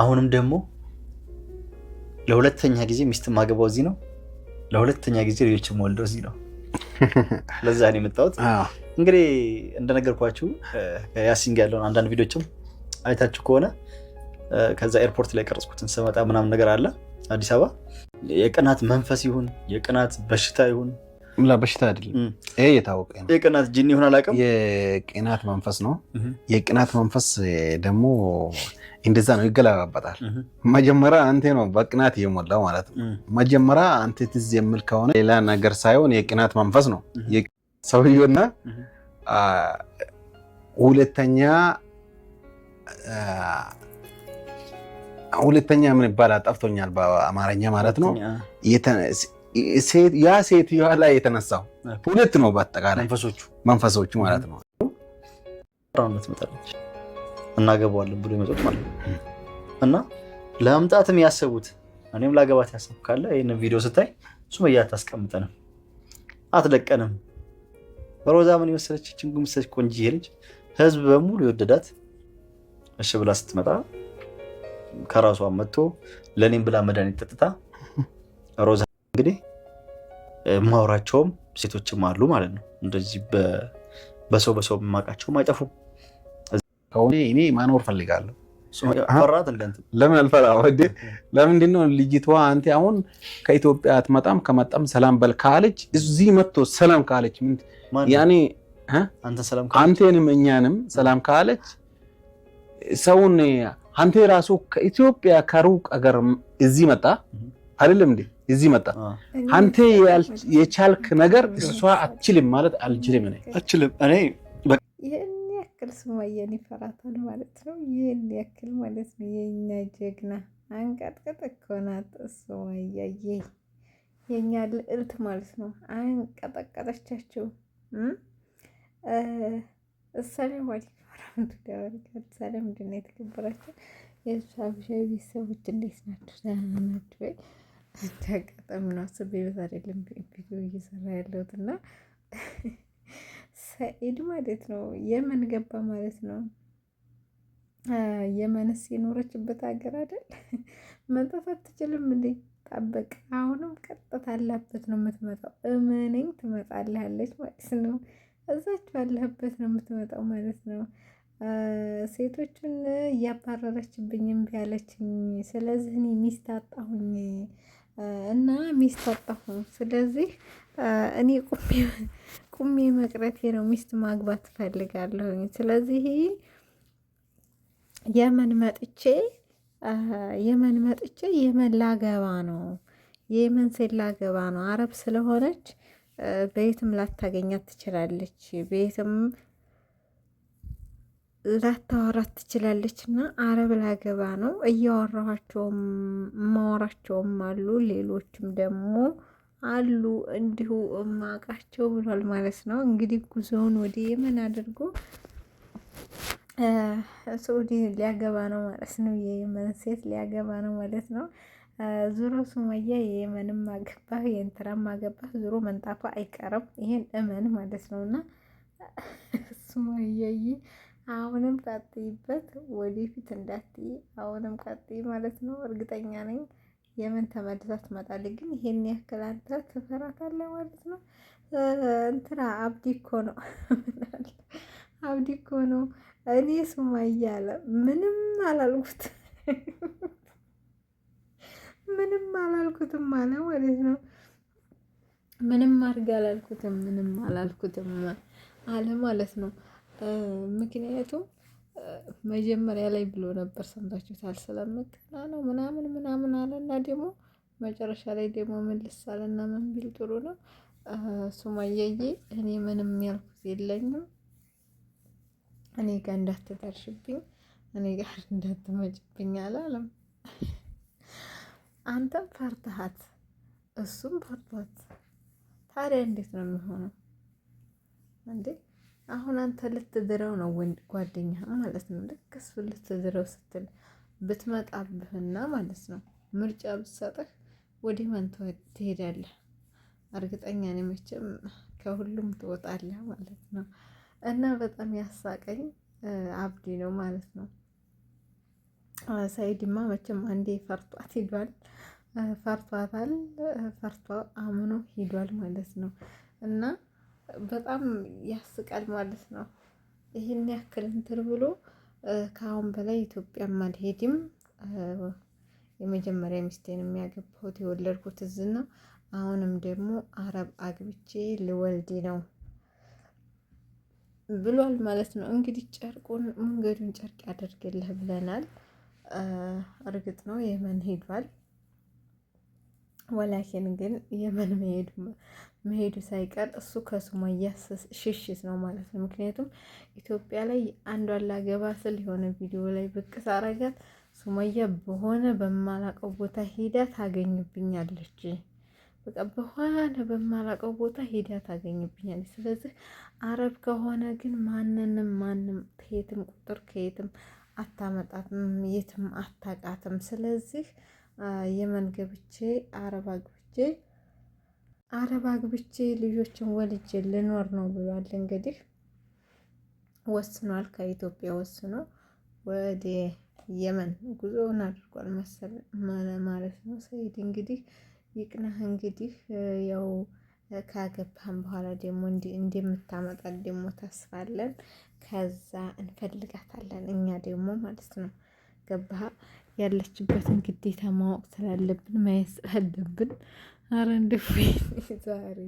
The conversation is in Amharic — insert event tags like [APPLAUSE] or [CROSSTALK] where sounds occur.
አሁንም ደግሞ ለሁለተኛ ጊዜ ሚስት ማገባው እዚህ ነው። ለሁለተኛ ጊዜ ልጆችም ወልደው እዚህ ነው። [LAUGHS] ለዛ ነው የመጣሁት። እንግዲህ እንደነገርኳችሁ ያሲንግ ያለውን አንዳንድ ቪዲዮችም አይታችሁ ከሆነ ከዛ ኤርፖርት ላይ ቀረጽኩትን ስመጣ ምናምን ነገር አለ አዲስ አበባ የቅናት መንፈስ ይሁን የቅናት በሽታ ይሁን በሽታ አይደለም። ይሄ የታወቀ ነው። የቅናት ጅኒ ይሆን አላውቅም። የቅናት መንፈስ ነው። የቅናት መንፈስ ደግሞ እንደዛ ነው፣ ይገላባበጣል። መጀመሪያ አንተ ነው በቅናት የሞላው ማለት ነው። መጀመሪያ አንተ ትዝ የሚል ከሆነ ሌላ ነገር ሳይሆን የቅናት መንፈስ ነው ሰውየውና፣ ሁለተኛ ሁለተኛ ምን ይባላል? ጠፍቶኛል በአማርኛ ማለት ነው ያ ሴትዮዋ ላይ የተነሳው ሁለት ነው። በአጠቃላይ መንፈሶቹ ማለት ነው ራነት ትመጣለች እናገባዋለን ብሎ ይመጡት ማለት ነው። እና ለመምጣትም ያሰቡት እኔም ላገባት ያሰቡ ካለ ይህን ቪዲዮ ስታይ ሱመያ አታስቀምጠንም፣ አትለቀንም። በሮዛ ምን የመሰለች ችንጉ መሰለች ቆንጂ ልጅ ህዝብ በሙሉ የወደዳት እሺ ብላ ስትመጣ ከራሷ መጥቶ ለእኔም ብላ መድኃኒት ጠጥታ ሮዛ እንግዲህ ማውራቸውም ሴቶችም አሉ ማለት ነው። እንደዚህ በሰው በሰው የማውቃቸውም አይጠፉም። እኔ ማኖር ፈልጋለሁ። ለምን አልፈራም? ለምንድን ነው ልጅቷ አንቴ አሁን ከኢትዮጵያ አትመጣም? ከመጣም ሰላም በል ካለች እዚህ መጥቶ ሰላም ካለች ያኔ እኛንም ሰላም ካለች ሰውን አንቴ ራሱ ከኢትዮጵያ ከሩቅ አገር እዚህ መጣ አይደለም እንዴ? እዚህ መጣ። አንተ የቻልክ ነገር እሷ አትችልም ማለት አልችልም። እኔ አችልም እኔ ይህን ያክል ሱመያን ይፈራታል ማለት ነው። ይህን ያክል ማለት ነው። የኛ ጀግና አንቀጥቅጥ እኮ ናት የ የኛ ልዕልት ማለት ነው። አንቀጠቀጠቻቸው። ሰላም አለይኩም ወራህመቱላሂ ወበረካቱ። ሰላም ድና የተከበራችሁ የሳብሻ ቤተሰቦች እንዴት ናችሁ? ደህና ናችሁ ወይ? እንዳጋጣሚ ነው አስቤበት አይደለም ቪዲዮ እየሰራ ያለሁት እና ሰኢድ ማለት ነው የመን ገባ ማለት ነው። የመንስ የኖረችበት ሀገር አይደል? መጣት አትችልም እንዴ? ጠበቅ። አሁንም ቀጥታ አላበት ነው የምትመጣው። እመነኝ ትመጣልሃለች ማለት ነው። እዛች አለበት ነው የምትመጣው ማለት ነው። ሴቶቹን እያባረረችብኝ እምቢ አለችኝ። ስለዚህ እኔ ሚስት አጣሁኝ እና ሚስት አጣሁኝ። ስለዚህ እኔ ቁሜ መቅረቴ ነው፣ ሚስት ማግባት እፈልጋለሁኝ። ስለዚህ የመን መጥቼ የመን መጥቼ የመን ላገባ ነው፣ የመን ሴት ላገባ ነው። አረብ ስለሆነች በየትም ላታገኛት ትችላለች፣ በየትም ላታወራት ትችላለች እና አረብ ላገባ ነው እያወራኋቸውም ማወራቸውም አሉ። ሌሎችም ደግሞ አሉ እንዲሁ ማቃቸው ብሏል ማለት ነው። እንግዲህ ጉዞውን ወደ የመን አድርጎ ሰዑዲ ሊያገባ ነው ማለት ነው። የየመን ሴት ሊያገባ ነው ማለት ነው። ዙሮ ሱመያ የየመንም ማገባ የእንትራም ማገባ ዙሮ መንጣቷ አይቀርም። ይሄን እመን ማለት ነው እና ሱመያዬ አሁንም ቀጥይበት፣ ወደፊት እንዳትይ፣ አሁንም ቀጥይ ማለት ነው። እርግጠኛ ነኝ የምን ተመልሳ ትመጣለች። ግን ይሄን ያክል አንተ ትፈራታለህ ማለት ነው። እንትና አብዲ እኮ ነው [LAUGHS] አብዲ እኮ ነው። እኔ ሱማያ አለ ምንም አላልኩት [LAUGHS] ምንም አላልኩትም አለ ማለት ነው። ምንም አድርግ አላልኩትም ምንም አላልኩትም አለ ማለት ነው። ምክንያቱም መጀመሪያ ላይ ብሎ ነበር ሰምታችሁታል። ስለምቀና ነው ምናምን ምናምን አለና ደግሞ መጨረሻ ላይ ደግሞ ምን አለና ምን ቢል ጥሩ ነው ሱማያዬ፣ እኔ ምንም ያልኩት የለኝም እኔ ጋር እንዳትደርሽብኝ እኔ ጋር እንዳትመጭብኝ አላለም። አንተም ፈርተሃት እሱም ፈርቷት፣ ታዲያ እንዴት ነው የሚሆነው እንዴ? አሁን አንተ ልትድረው ነው ጓደኛ ማለት ነው። ልክ እሱ ልትድረው ስትል ብትመጣብህና ማለት ነው ምርጫ ብትሰጥህ ወዲህ ማን ትሄዳለህ? እርግጠኛ ነኝ መቼም ከሁሉም ትወጣለህ ማለት ነው። እና በጣም ያሳቀኝ አብዲ ነው ማለት ነው። ሳይድማ መቼም አንዴ ፈርቷት ሂዷል፣ ፈርቷታል፣ ፈርቷ አምኖ ሂዷል ማለት ነው እና በጣም ያስቃል ማለት ነው። ይህን ያክል እንትን ብሎ ከአሁን በላይ ኢትዮጵያም አልሄድም። የመጀመሪያ ሚስቴን የሚያገባሁት የወለድኩት እዚህ ነው። አሁንም ደግሞ አረብ አግብቼ ልወልድ ነው ብሏል ማለት ነው። እንግዲህ ጨርቁን መንገዱን ጨርቅ ያደርግልህ ብለናል። እርግጥ ነው የመን ሄዷል። ወላኪን ግን የመን መሄዱ መሄዱ ሳይቀር እሱ ከሱማያ ሽሽት ነው ማለት ነው። ምክንያቱም ኢትዮጵያ ላይ አንዷን ላገባ ስል የሆነ ቪዲዮ ላይ ብቅ ሳረጋት ሱማያ በሆነ በማላቀው ቦታ ሂዳ ታገኝብኛለች፣ በቃ በሆነ በማላቀው ቦታ ሂዳ ታገኝብኛለች። ስለዚህ አረብ ከሆነ ግን ማንንም ማንም ከየትም ቁጥር ከየትም አታመጣትም፣ የትም አታቃትም። ስለዚህ የመን ገብቼ አረብ አግብቼ አረብ አግብቼ ልጆችን ወልጄ ልኖር ነው ብሏል። እንግዲህ ወስኗል። ከኢትዮጵያ ወስኖ ወደ የመን ጉዞውን አድርጓል መሰል ማለት ነው። ሰይድ እንግዲህ ይቅናህ። እንግዲህ ያው ካገባህም በኋላ ደግሞ እንደምታመጣል ደግሞ ተስፋለን። ከዛ እንፈልጋታለን እኛ ደግሞ ማለት ነው። ገባህ? ያለችበትን ግዴታ ማወቅ ስላለብን ማየት ስላለብን አረ ዛሬ